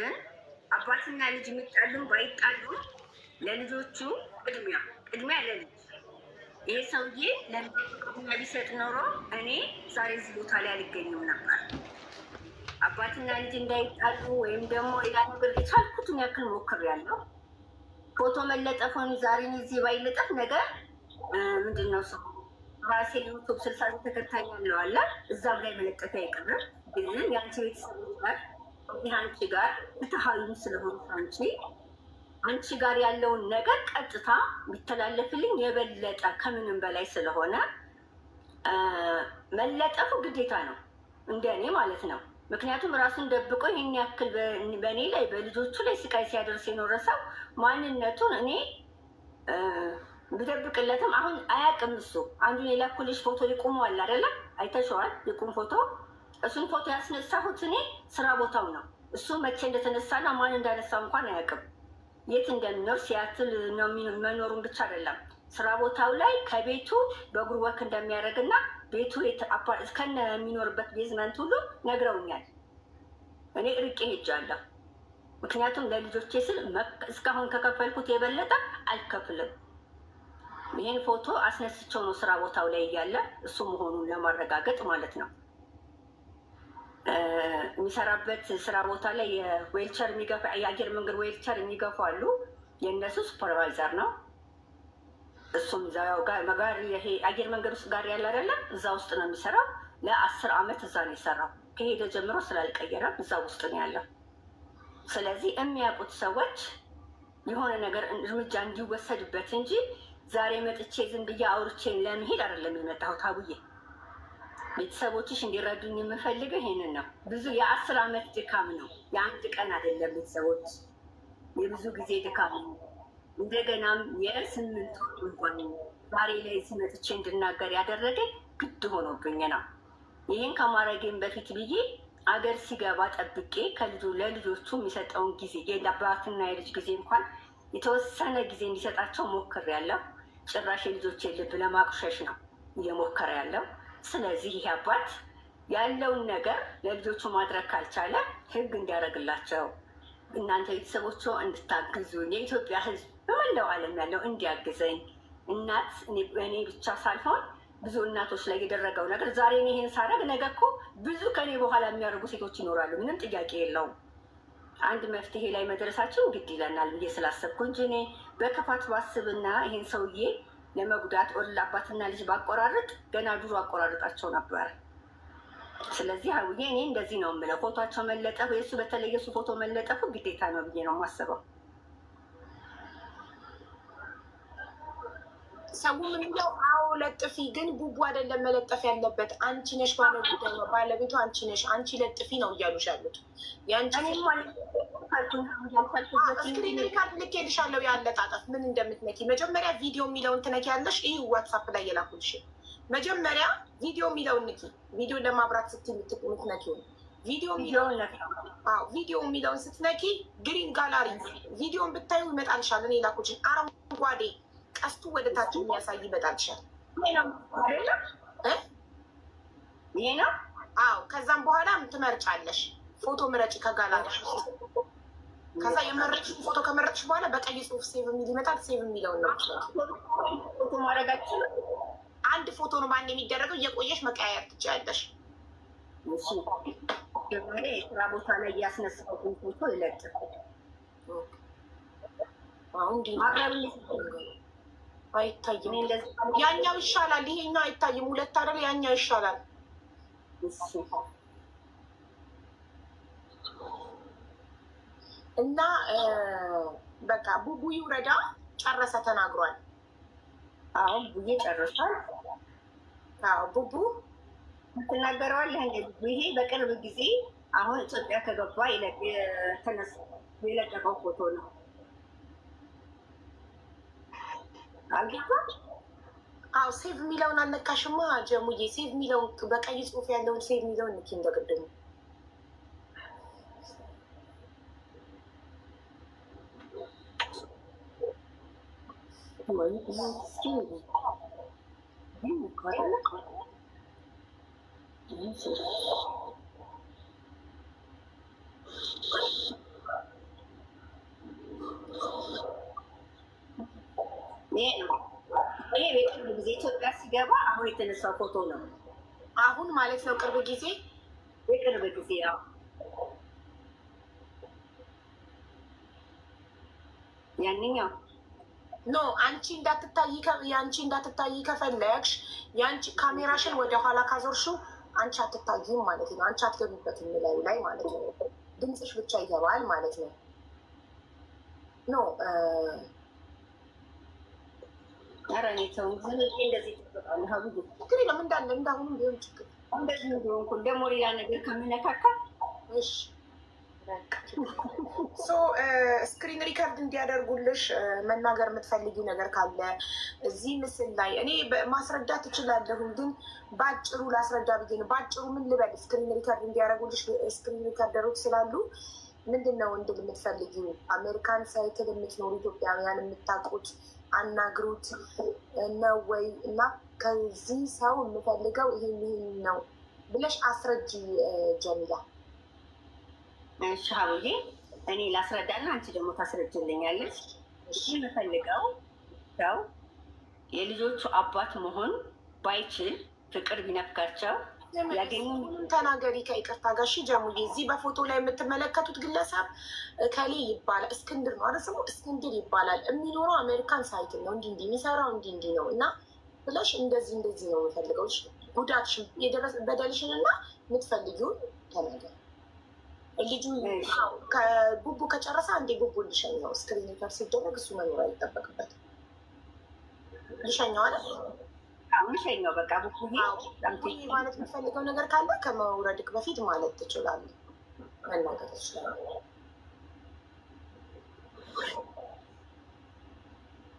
ግን አባትና ልጅ የሚጣሉም ባይጣሉም ለልጆቹ ቅድሚያ ቅድሚያ ለልጅ ይህ ሰውዬ ለቅድሚያ ቢሰጥ ኖሮ እኔ ዛሬ እዚህ ቦታ ላይ አልገኘም ነበር። አባትና ልጅ እንዳይጣሉ ወይም ደግሞ ሌላ ነገር የቻልኩትን ያክል ሞክሬያለሁ። ፎቶ መለጠፉን ዛሬን እዚህ ባይለጠፍ ነገር ምንድን ነው ሰው ራሴ ዩቱብ ስልሳ ተከታይ ያለዋለ እዛም ላይ መለጠፊያ አይቀርም። ግን የአንቺ ቤተሰብ ጋር ይህ አንቺ ጋር ብትሃይም ስለሆንሽ አንቺ አንቺ ጋር ያለውን ነገር ቀጥታ ቢተላለፍልኝ የበለጠ ከምንም በላይ ስለሆነ መለጠፉ ግዴታ ነው፣ እንደኔ ማለት ነው። ምክንያቱም ራሱን ደብቆ ይህን ያክል በእኔ ላይ በልጆቹ ላይ ስቃይ ሲያደርስ የኖረ ሰው ማንነቱን እኔ ብደብቅለትም አሁን አያውቅም እሱ። አንዱን የላኩልሽ ፎቶ ይቁሙ አይደለም፣ አይተሸዋል። ሊቁም ፎቶ እሱን ፎቶ ያስነሳሁት እኔ ስራ ቦታው ነው። እሱ መቼ እንደተነሳና ማን እንዳነሳው እንኳን አያውቅም። የት እንደሚኖር ሲያትል መኖሩን ብቻ አይደለም ስራ ቦታው ላይ ከቤቱ በእግሩ ወክ እንደሚያደርግና ቤቱ እስከነ የሚኖርበት ቤዝመንት ሁሉ ነግረውኛል። እኔ እርቄ ሄጃለሁ። ምክንያቱም ለልጆቼ ስል እስካሁን ከከፈልኩት የበለጠ አልከፍልም። ይህን ፎቶ አስነስቸው ነው ስራ ቦታው ላይ እያለ እሱ መሆኑን ለማረጋገጥ ማለት ነው። የሚሰራበት ስራ ቦታ ላይ የዌልቸር የሚገፋ የአየር መንገድ ዌልቸር የሚገፉ አሉ። የእነሱ ሱፐርቫይዘር ነው። እሱም ጋር ይሄ አየር መንገድ ውስጥ ጋር ያለ አይደለም፣ እዛ ውስጥ ነው የሚሰራው። ለአስር አመት እዛ ነው የሰራው። ከሄደ ጀምሮ ስላልቀየረም እዛ ውስጥ ነው ያለው። ስለዚህ የሚያውቁት ሰዎች የሆነ ነገር እርምጃ እንዲወሰድበት እንጂ ዛሬ መጥቼ ዝም ብዬ አውርቼን ለመሄድ አይደለም የመጣሁት አቡዬ ቤተሰቦችሽ እንዲረዱኝ የምፈልገው ይሄንን ነው። ብዙ የአስር ዓመት ድካም ነው፣ የአንድ ቀን አይደለም። ቤተሰቦች የብዙ ጊዜ ድካም ነው። እንደገናም የስምንት እንኳን ዛሬ ላይ ስመጥቼ እንድናገር ያደረገኝ ግድ ሆኖብኝ ነው። ይህን ከማድረጌም በፊት ብዬ አገር ሲገባ ጠብቄ ከልጁ ለልጆቹ የሚሰጠውን ጊዜ የአባትና የልጅ ጊዜ እንኳን የተወሰነ ጊዜ እንዲሰጣቸው ሞክር ያለው ጭራሽ የልጆች ልብ ለማቁሸሽ ነው እየሞከረ ያለው ስለዚህ ይህ አባት ያለውን ነገር ለልጆቹ ማድረግ ካልቻለ ህግ እንዲያደርግላቸው እናንተ ቤተሰቦቹ እንድታግዙኝ የኢትዮጵያ ህዝብ በመላው ዓለም ያለው እንዲያግዘኝ እናት እኔ ብቻ ሳልሆን ብዙ እናቶች ላይ የደረገው ነገር ዛሬ እኔ ይሄን ሳደርግ ነገ እኮ ብዙ ከኔ በኋላ የሚያደርጉ ሴቶች ይኖራሉ። ምንም ጥያቄ የለውም። አንድ መፍትሄ ላይ መድረሳችን ግድ ይለናል ብዬ ስላሰብኩ እንጂ እኔ በክፋት ባስብና ይህን ሰውዬ ለመጉዳት ወደ አባትና ልጅ ባቆራረጥ ገና ድሮ አቆራረጣቸው ነበር። ስለዚህ አውዬ እኔ እንደዚህ ነው የምለው። ፎቶቸው መለጠፉ የእሱ በተለይ የእሱ ፎቶ መለጠፉ ግዴታ ነው ብዬ ነው የማስበው። ሰው ምን ምንለው አዎ ለጥፊ፣ ግን ቡቡ አይደለም መለጠፍ ያለበት አንቺ ነሽ ባለጉዳይ፣ ባለቤቱ አንቺ ነሽ፣ አንቺ ለጥፊ ነው እያሉሽ ያሉት። ስክሪን ካርድ ልኬልሻለሁ። የአለጣጠፍ ምን እንደምትነኪ መጀመሪያ ቪዲዮ የሚለውን ትነኪ ይህ ዋትሳፕ ላይ የላኩልሽ መጀመሪያ ቪዲዮ የሚለውን ንኪ። ቪዲዮ ለማብራት ስት የምትነኪው ቪዲዮ ቪዲዮ የሚለውን ስትነኪ ግሪን ጋላሪ ቪዲዮን ብታዩ ይመጣልሻል። እኔ የላኩልሽን አረንጓዴ ቀስቱ ወደ ታች የሚያሳይ ይመጣልሻል። ይሄ ነው። አዎ ከዛም በኋላ ትመርጫለሽ። ፎቶ ምረጭ ከጋላሪ ከዛ የመረጥሽን ፎቶ ከመረጥሽ በኋላ በቀይ ጽሁፍ ሴቭ የሚል ይመጣል። ሴቭ የሚለውን ነው ፎቶ ማድረጋችን። አንድ ፎቶ ነው ማን የሚደረገው። እየቆየሽ መቀያየር ትችያለሽ። ስራ ቦታ ላይ እያስነሳሁትን ፎቶ ይለጥፍ አይታይም። ያኛው ይሻላል፣ ይሄኛው አይታይም። ሁለት አይደል? ያኛው ይሻላል። እና በቃ ቡቡይ ውረዳ ጨረሰ ተናግሯል። አሁን ቡዬ ጨርሷል። ቡቡ ትናገረዋለህ። ይሄ በቅርብ ጊዜ አሁን ኢትዮጵያ ከገባ የለቀቀው ፎቶ ነው። አልጌታ አዎ ሴቭ የሚለውን አልነካሽማ ጀሙዬ። ሴቭ የሚለውን በቀይ ጽሑፍ ያለውን ሴቭ የሚለውን ንኪ እንደቅድሙ የቅርብ ጊዜ ኢትዮጵያ ሲገባ አሁን የተነሳው ፎቶ ነው። አሁን ማለት ነው። ቅርብ ጊዜ የቅርብ ጊዜ ያንኛው ኖ አንቺ እንዳትታይ የአንቺ እንዳትታይ ከፈለግሽ የአንቺ ካሜራሽን ወደኋላ ካዞርሽው አንቺ አትታይም ማለት ነው። አንቺ አትገቢበት የሚለው ላይ ማለት ነው። ድምፅሽ ብቻ ይገባል ማለት ነው። ኖ ችግር የለም እንዳለ እንዳሁኑ ቢሆን ችግር እንደዚህ ሆንኩ ደግሞ ሌላ ነገር ከምነካካ እሺ ስክሪን ሪከርድ እንዲያደርጉልሽ መናገር የምትፈልጊ ነገር ካለ እዚህ ምስል ላይ እኔ ማስረዳት ትችላለሁም፣ ግን በአጭሩ ላስረዳ ብዬ ነው። በአጭሩ ምን ልበል? ስክሪን ሪከርድ እንዲያደርጉልሽ ስክሪን ሪከርደሮች ስላሉ ምንድን ነው እንድል የምትፈልጊው? አሜሪካን ሳይክል የምትኖሩ ኢትዮጵያውያን የምታውቁት አናግሩት ነው ወይ እና ከዚህ ሰው የምፈልገው ይሄን ይሄን ነው ብለሽ አስረጅ ጀሚላ። እሺ ሀብዬ እኔ ላስረዳና አንቺ ደግሞ ታስረጅልኛለች። የምፈልገው ሰው የልጆቹ አባት መሆን ባይችል ፍቅር ቢነፍጋቸው ተናገሪ። ከይቅርታ ጋር እሺ ጀሙዬ፣ እዚህ በፎቶ ላይ የምትመለከቱት ግለሰብ ከሌ ይባላል። እስክንድር ነው ስሙ? እስክንድር ይባላል። የሚኖረው አሜሪካን ሳይትን ነው። እንዲህ እንዲህ የሚሰራው እንዲህ እንዲህ ነው እና ብለሽ እንደዚህ እንደዚህ ነው የምፈልገው። ጉዳትሽን፣ በደልሽን እና የምትፈልጊውን ተናገሪ። ልጁ ከጉቡ ከጨረሰ አንዴ ጉቡ ልሸኛው እስክሪን ጋር ሲደረግ እሱ መኖር አይጠበቅበት። ልሸኛው አለ ልሸኛው በቃ ማለት የምፈልገው ነገር ካለ ከመውረድክ በፊት ማለት ትችላለህ፣ መናገር ትችላለህ።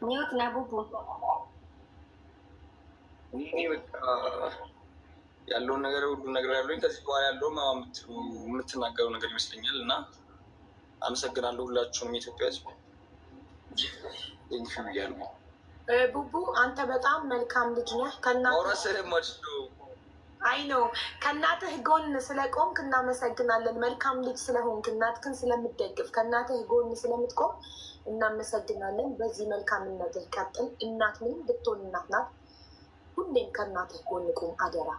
ሚዩት ና ቡቡ ያለውን ነገር ሁሉ ነገር ያለኝ ከዚህ በኋላ ያለው የምትናገረው ነገር ይመስለኛል። እና አመሰግናለሁ ሁላችሁንም የኢትዮጵያ ሕዝብ ቡቡ፣ አንተ በጣም መልካም ልጅ ነህ። አይ ነው ከእናትህ ጎን ስለቆምክ እናመሰግናለን። መልካም ልጅ ስለሆንክ እናትህን ስለምደግፍ ከእናትህ ጎን ስለምትቆም እናመሰግናለን። በዚህ መልካምነትህ ቀጥል። እናት ምንም ብትሆን እናት ናት። ሁሌም ከእናትህ ጎን ቁም አደራ።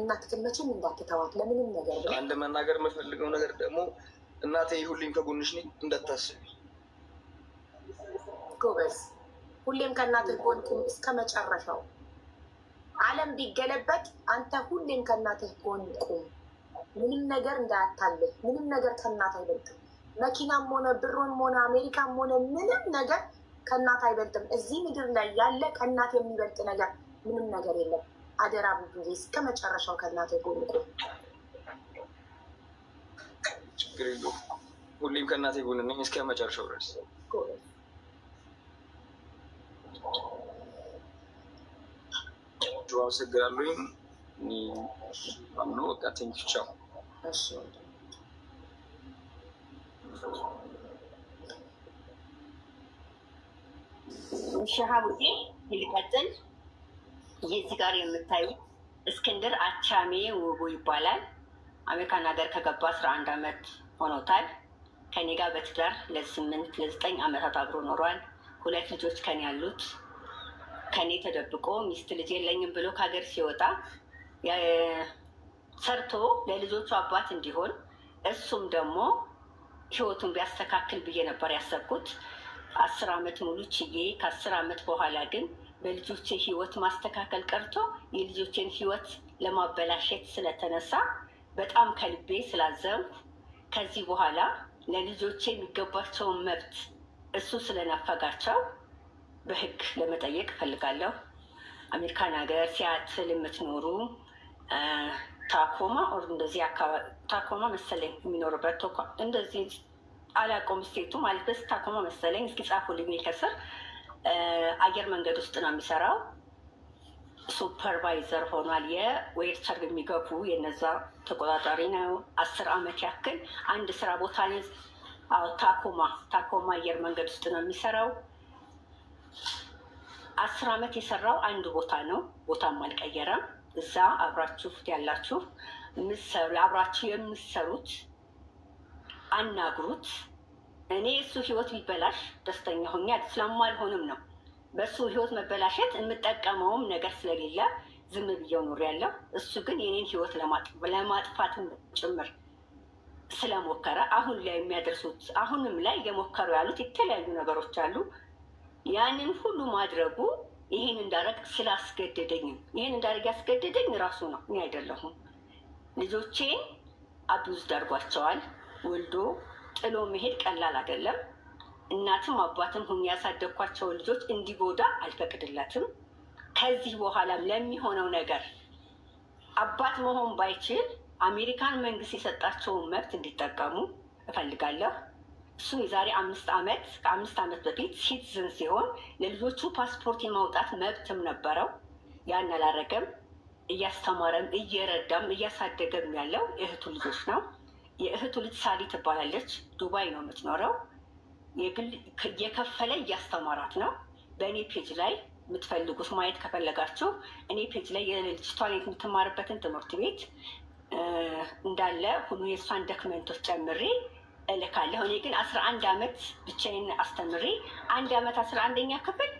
እናትህን መቼም እንዳትተዋት ለምንም ነገር። አንድ መናገር የምፈልገው ነገር ደግሞ እናቴ ሁሌም ከጎንሽ ነኝ እንዳታስቢ ጎበዝ። ሁሌም ከእናትህ ጎን ቁም እስከ መጨረሻው። ዓለም ቢገለበጥ አንተ ሁሌም ከእናትህ ጎን ቁም። ምንም ነገር እንዳያታልህ። ምንም ነገር ከእናት አይበልጥም። መኪናም ሆነ ብሮም ሆነ አሜሪካም ሆነ ምንም ነገር ከእናት አይበልጥም። እዚህ ምድር ላይ ያለ ከእናት የሚበልጥ ነገር ምንም ነገር የለም። አደራ ብዬ እስከ መጨረሻው ከእናቴ ጎን ቆም። ችግር የለውም ሁሌም ከእናቴ ጎን ነኝ እስከ መጨረሻው ድረስ። አመሰግናለሁኝ። በቃ ቴንኪው ቻው። እሺ ይልቀጥል የዚህ ጋር የምታዩት እስክንድር አቻሜ ውቡ ይባላል። አሜሪካን ሀገር ከገባ አስራ አንድ አመት ሆኖታል። ከኔ ጋር በትዳር ለስምንት ለዘጠኝ አመታት አብሮ ኖሯል። ሁለት ልጆች ከኔ ያሉት ከኔ ተደብቆ ሚስት ልጅ የለኝም ብሎ ከሀገር ሲወጣ ሰርቶ ለልጆቹ አባት እንዲሆን እሱም ደግሞ ህይወቱን ቢያስተካክል ብዬ ነበር ያሰብኩት። አስር አመት ሙሉ ችዬ ከአስር አመት በኋላ ግን በልጆቼ ህይወት ማስተካከል ቀርቶ የልጆቼን ህይወት ለማበላሸት ስለተነሳ በጣም ከልቤ ስላዘንኩ ከዚህ በኋላ ለልጆቼ የሚገባቸውን መብት እሱ ስለነፈጋቸው በህግ ለመጠየቅ እፈልጋለሁ። አሜሪካን ሀገር ሲያትል የምትኖሩ ታኮማ ኦር እንደዚህ አካባቢ ታኮማ መሰለኝ የሚኖርበት እንደዚህ አላቆም ስቴቱ ማለት በስ ታኮማ መሰለኝ። እስኪ ጻፉልኝ ከስር አየር መንገድ ውስጥ ነው የሚሰራው። ሱፐርቫይዘር ሆኗል። የዌርተር የሚገቡ የነዛ ተቆጣጣሪ ነው። አስር አመት ያክል አንድ ስራ ቦታ ታኮማ ታኮማ አየር መንገድ ውስጥ ነው የሚሰራው። አስር አመት የሰራው አንድ ቦታ ነው። ቦታም አልቀየረም። እዛ አብራችሁ ያላችሁ አብራችሁ የምትሰሩት አናግሩት። እኔ እሱ ህይወት ቢበላሽ ደስተኛ ሆኜ አልሆንም ነው። በእሱ ህይወት መበላሸት የምጠቀመውም ነገር ስለሌለ ዝም ብዬው ኖር ያለው እሱ ግን የኔን ህይወት ለማጥፋትም ጭምር ስለሞከረ አሁን ላይ የሚያደርሱት አሁንም ላይ እየሞከሩ ያሉት የተለያዩ ነገሮች አሉ። ያንን ሁሉ ማድረጉ ይህን እንዳረግ ስላስገደደኝም ይህን እንዳረግ ያስገደደኝ ራሱ ነው፣ እኔ አይደለሁም። ልጆቼን አብዩዝ ዳርጓቸዋል ወልዶ ጥሎ መሄድ ቀላል አይደለም። እናትም አባትም ሁን ያሳደግኳቸውን ልጆች እንዲጎዳ አልፈቅድለትም። ከዚህ በኋላም ለሚሆነው ነገር አባት መሆን ባይችል አሜሪካን መንግስት የሰጣቸውን መብት እንዲጠቀሙ እፈልጋለሁ። እሱ የዛሬ አምስት ዓመት ከአምስት ዓመት በፊት ሲቲዝን ሲሆን ለልጆቹ ፓስፖርት የማውጣት መብትም ነበረው። ያን አላረገም። እያስተማረም እየረዳም እያሳደገም ያለው እህቱ ልጆች ነው። የእህቱ ልጅ ሳሊ ትባላለች። ዱባይ ነው የምትኖረው። የከፈለ እያስተማራት ነው። በእኔ ፔጅ ላይ የምትፈልጉት ማየት ከፈለጋችሁ እኔ ፔጅ ላይ የልጅቷን የምትማርበትን ትምህርት ቤት እንዳለ ሁሉ የእሷን ደክመንቶች ጨምሬ እልካለሁ። እኔ ግን አስራ አንድ አመት ብቻዬን አስተምሬ አንድ አመት አስራ አንደኛ ክፍል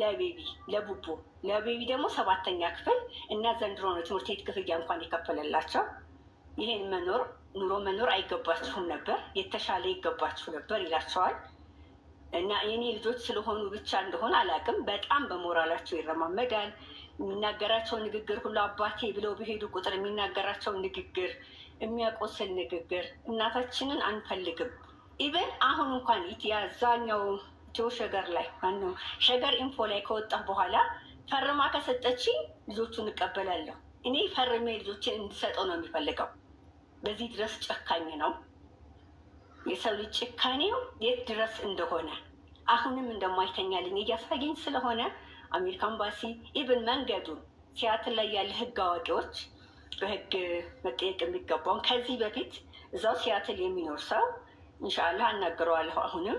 ለቤቢ ለቡቡ ለቤቢ ደግሞ ሰባተኛ ክፍል እና ዘንድሮ ነው ትምህርት ቤት ክፍያ እንኳን የከፈለላቸው ይሄን መኖር ኑሮ መኖር አይገባችሁም ነበር፣ የተሻለ ይገባችሁ ነበር ይላቸዋል። እና የኔ ልጆች ስለሆኑ ብቻ እንደሆነ አላውቅም፣ በጣም በሞራላቸው ይረማመዳል። የሚናገራቸው ንግግር ሁሉ አባቴ ብለው በሄዱ ቁጥር የሚናገራቸው ንግግር የሚያቆስል ንግግር፣ እናታችንን አንፈልግም። ኢቨን አሁን እንኳን ያዛኛው ኢትዮ ሸገር ላይ ማነው ሸገር ኢንፎ ላይ ከወጣ በኋላ ፈርማ ከሰጠችኝ ልጆቹን እቀበላለሁ። እኔ ፈርሜ ልጆችን እንድሰጠው ነው የሚፈልገው በዚህ ድረስ ጨካኝ ነው። የሰው ልጅ ጭካኔው የት ድረስ እንደሆነ አሁንም እንደማይተኛልኝ እያሳየኝ ስለሆነ አሜሪካ ኤምባሲ ኢብን መንገዱ ሲያትል ላይ ያለ ህግ አዋቂዎች በህግ መጠየቅ የሚገባውን ከዚህ በፊት እዛው ሲያትል የሚኖር ሰው እንሻላ አናግረዋለሁ። አሁንም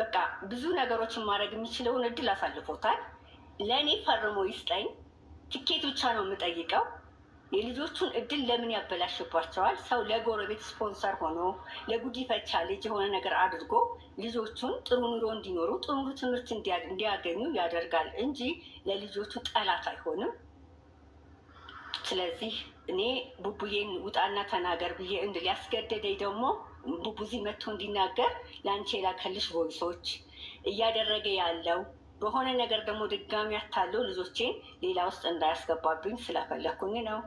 በቃ ብዙ ነገሮችን ማድረግ የሚችለውን እድል አሳልፎታል። ለእኔ ፈርሞ ይስጠኝ። ትኬት ብቻ ነው የምጠይቀው። የልጆቹን እድል ለምን ያበላሽባቸዋል? ሰው ለጎረቤት ስፖንሰር ሆኖ ለጉዲፈቻ ልጅ የሆነ ነገር አድርጎ ልጆቹን ጥሩ ኑሮ እንዲኖሩ ጥሩ ትምህርት እንዲያገኙ ያደርጋል እንጂ ለልጆቹ ጠላት አይሆንም። ስለዚህ እኔ ቡቡዬን ውጣና ተናገር ብዬ እንድ ሊያስገደደኝ ደግሞ ቡቡዚ መጥቶ እንዲናገር ለአንቺ የላከልሽ ቮይሶች እያደረገ ያለው በሆነ ነገር ደግሞ ድጋሚ ያታለው ልጆቼን ሌላ ውስጥ እንዳያስገባብኝ ስለፈለኩኝ ነው።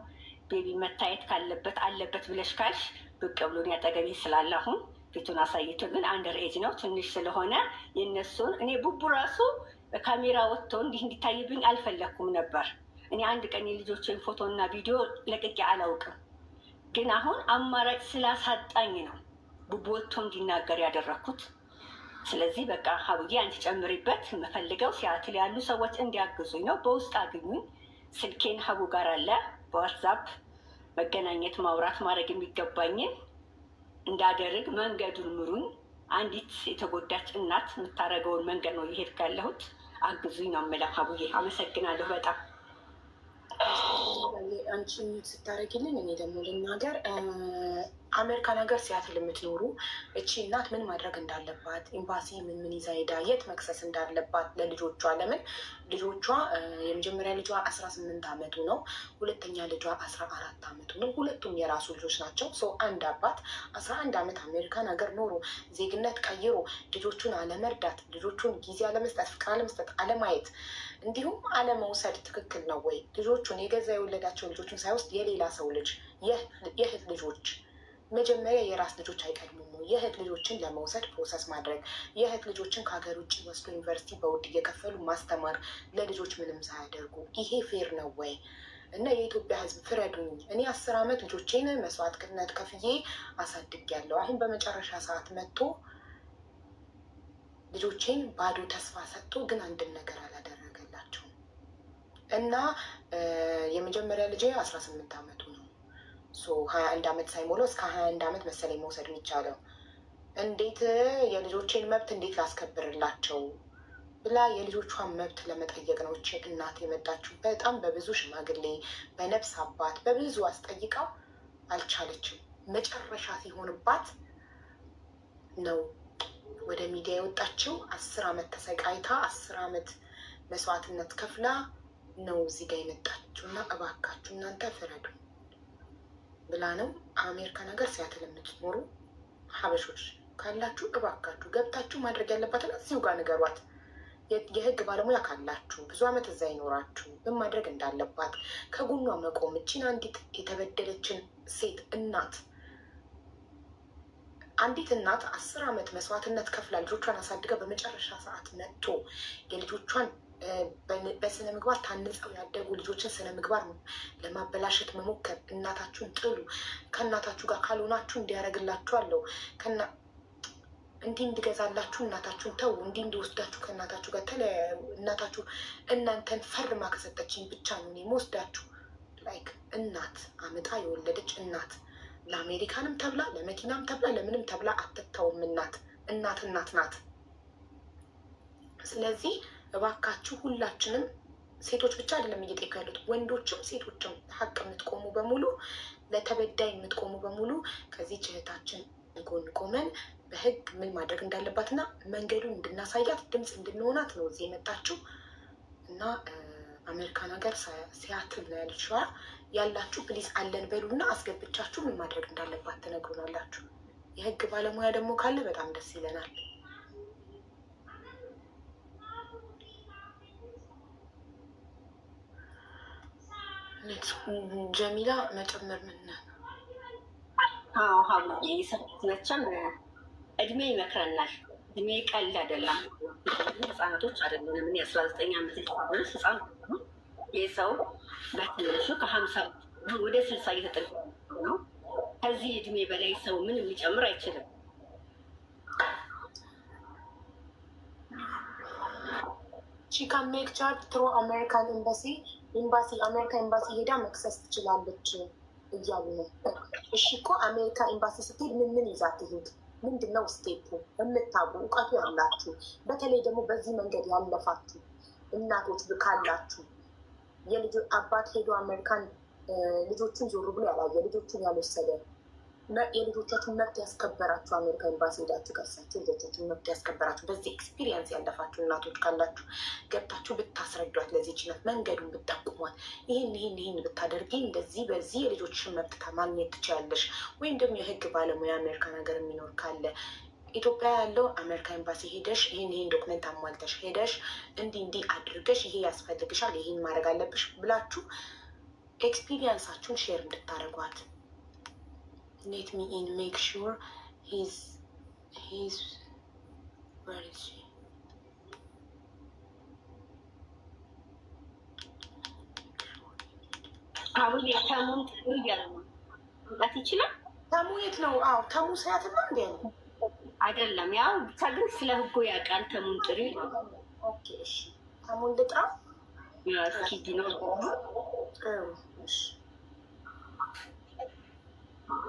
ቤቢ መታየት ካለበት አለበት ብለሽ ካልሽ ብቅ ብሎን ያጠገቤ ስላለ አሁን ፊቱን አሳይቶ፣ ግን አንደር ኤጅ ነው ትንሽ ስለሆነ የነሱን እኔ ቡቡ ራሱ ካሜራ ወጥቶ እንዲህ እንዲታይብኝ አልፈለግኩም ነበር። እኔ አንድ ቀን የልጆችን ፎቶ እና ቪዲዮ ለቅቄ አላውቅም፣ ግን አሁን አማራጭ ስላሳጣኝ ነው ቡቡ ወጥቶ እንዲናገር ያደረግኩት። ስለዚህ በቃ ሀቡዬ አንቺ ጨምሪበት። የምፈልገው ሲያትል ያሉ ሰዎች እንዲያግዙኝ ነው። በውስጥ አግኙኝ። ስልኬን ሀቡ ጋር አለ በዋትሳፕ መገናኘት፣ ማውራት፣ ማድረግ የሚገባኝን እንዳደርግ መንገዱን ምሩኝ። አንዲት የተጎዳች እናት የምታደርገውን መንገድ ነው እየሄድኩ ያለሁት። አግዙኝ ነው የምለው። አቡዬ አመሰግናለሁ በጣም አንቺ ስታደርግልን እኔ ደግሞ ልናገር አሜሪካን ሀገር ሲያትል የምትኖሩ እቺ እናት ምን ማድረግ እንዳለባት ኤምባሲ ምን ምን ይዛ ሄዳ የት መክሰስ እንዳለባት ለልጆቿ ለምን ልጆቿ የመጀመሪያ ልጇ አስራ ስምንት ዓመቱ ነው። ሁለተኛ ልጇ አስራ አራት አመቱ ነው። ሁለቱም የራሱ ልጆች ናቸው። ሰው አንድ አባት አስራ አንድ ዓመት አሜሪካን ሀገር ኖሮ ዜግነት ቀይሮ ልጆቹን አለመርዳት፣ ልጆቹን ጊዜ አለመስጠት፣ ፍቅር አለመስጠት፣ አለማየት እንዲሁም አለመውሰድ ትክክል ነው ወይ? ልጆቹን የገዛ የወለዳቸው ልጆቹን ሳይወስድ የሌላ ሰው ልጅ የእህት ልጆች መጀመሪያ የራስ ልጆች አይቀድሙም ነው። የእህት ልጆችን ለመውሰድ ፕሮሰስ ማድረግ፣ የእህት ልጆችን ከሀገር ውጭ ወስዶ ዩኒቨርሲቲ በውድ እየከፈሉ ማስተማር ለልጆች ምንም ሳያደርጉ፣ ይሄ ፌር ነው ወይ? እና የኢትዮጵያ ሕዝብ ፍረዱኝ። እኔ አስር ዓመት ልጆቼን መስዋዕትነት ከፍዬ ያለው አሁን በመጨረሻ ሰዓት መጥቶ ልጆቼን ባዶ ተስፋ ሰጥቶ ግን አንድን ነገር አላደረገላቸውም። እና የመጀመሪያ ልጄ አስራ ስምንት ዓመቱ ነው። ሀያ አንድ ዓመት ሳይሞላው እስከ ሀያ አንድ ዓመት መሰለኝ መውሰድ የሚቻለው እንዴት የልጆቼን መብት እንዴት ላስከብርላቸው ብላ የልጆቿን መብት ለመጠየቅ ነው እች እናት የመጣችው። በጣም በብዙ ሽማግሌ፣ በነፍስ አባት፣ በብዙ አስጠይቃው አልቻለችም። መጨረሻ ሲሆንባት ነው ወደ ሚዲያ የወጣችው። አስር ዓመት ተሰቃይታ አስር ዓመት መስዋዕትነት ከፍላ ነው እዚህ ጋር የመጣችሁና እባካችሁ እናንተ ፍረዱ። ብላ ነው አሜሪካ ነገር ሲያትል የምትኖሩ ሀበሾች ካላችሁ እባካችሁ ገብታችሁ ማድረግ ያለባትን እዚሁ ጋር ንገሯት። የህግ ባለሙያ ካላችሁ ብዙ አመት እዛ ይኖራችሁ ምን ማድረግ እንዳለባት ከጎኗ መቆም እችን አንዲት የተበደለችን ሴት እናት አንዲት እናት አስር አመት መስዋዕትነት ከፍላ ልጆቿን አሳድጋ በመጨረሻ ሰዓት መጥቶ የልጆቿን በስነ ምግባር ታንጸው ያደጉ ልጆችን ስነ ምግባር ለማበላሸት መሞከር፣ እናታችሁን ጥሉ፣ ከእናታችሁ ጋር ካልሆናችሁ እንዲያደርግላችኋለሁ፣ እንዲህ እንድገዛላችሁ እናታችሁን ተው። እንዲህ እንዲወስዳችሁ ከእናታችሁ ጋር ተለያዩ፣ እናታችሁ እናንተን ፈርማ ከሰጠችኝ ብቻ ነው እኔ ወስዳችሁ ላይክ እናት አመጣ የወለደች እናት ለአሜሪካንም ተብላ ለመኪናም ተብላ ለምንም ተብላ አትተውም። እናት እናት እናት ናት። ስለዚህ እባካችሁ ሁላችንም ሴቶች ብቻ አይደለም እየጠየኩ ያሉት ወንዶችም ሴቶችም ሀቅ የምትቆሙ በሙሉ ለተበዳይ የምትቆሙ በሙሉ ከዚህ ችህታችን ጎን ቆመን በህግ ምን ማድረግ እንዳለባትና መንገዱን እንድናሳያት ድምፅ እንድንሆናት ነው እዚህ የመጣችው እና አሜሪካን ሀገር ሲያትል ነው ያለችዋ ያላችሁ ፕሊዝ አለን በሉና አስገብቻችሁ ምን ማድረግ እንዳለባት ትነግሩናላችሁ። የህግ ባለሙያ ደግሞ ካለ በጣም ደስ ይለናል። ጀሚላ መጨመር ምነ አዎ ሀቡዬ የሰነቻም እድሜ ይመክረናል። እድሜ ቀልድ አይደለም። ህፃናቶች አይደለንም። እኔ አስራ ዘጠኝ ዓመት ልጅ ህጻን ይህ ሰው በትንሹ ከሀምሳ ወደ ስልሳ እየተጠጋ ነው። ከዚህ እድሜ በላይ ሰው ምንም ሊጨምር አይችልም። She can make charge through American ኤምባሲ አሜሪካ ኤምባሲ ሄዳ መክሰስ ትችላለች እያሉ ነው። እሺ እኮ አሜሪካ ኤምባሲ ስትሄድ ምን ምን ይዛ ትሄድ? ምንድን ነው ስቴፑ? የምታውቁ እውቀቱ ያላችሁ በተለይ ደግሞ በዚህ መንገድ ያለፋችሁ እናቶች ካላችሁ የልጆ አባት ሄዶ አሜሪካን ልጆቹን ዞሩ ብሎ ያላየ ልጆቹን ያልወሰደ የልጆቻችሁን መብት ያስከበራችሁ አሜሪካ ኤምባሲ ሄዳችሁ ገሳችሁ ልጆቻችሁን መብት ያስከበራችሁ በዚህ ኤክስፒሪየንስ ያለፋችሁ እናቶች ካላችሁ ገብታችሁ ብታስረዷት፣ ለዚች ናት መንገዱን ብጠቁሟት፣ ይህን ይህን ይህን ብታደርጊ እንደዚህ በዚህ የልጆችን መብት ማግኘት ትችላለሽ። ወይም ደግሞ የህግ ባለሙያ አሜሪካን ሀገር የሚኖር ካለ ኢትዮጵያ ያለው አሜሪካ ኤምባሲ ሄደሽ ይህን ይህን ዶክመንት አሟልተሽ ሄደሽ እንዲህ እንዲህ አድርገሽ ይሄ ያስፈልግሻል፣ ይህን ማድረግ አለብሽ ብላችሁ ኤክስፒሪየንሳችሁን ሼር እንድታደርጓት ሌት ሚ ኢን ሜክ ሹር ሂዝ ሂዝ ዌር ኢዝ ሺ አሁን የታሙን ትግር እያለ ይችላል። ታሙ የት ነው? አዎ ታሙ ሳያት ነው እንዲ አይደለም። ያው ብቻ ግን ስለ ህጎ ያውቃል። ተሙን ጥሪ ታሙን ልጥራ እስኪ ነው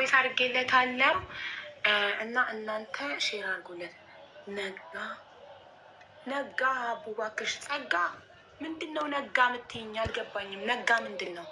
ቮይስ አድርጌለታለሁ እና እናንተ ሼር አድርጉለት። ነጋ ነጋ አቡ ጸጋ ምንድን ነው ነጋ ምትይኝ? አልገባኝም። ነጋ ምንድን ነው?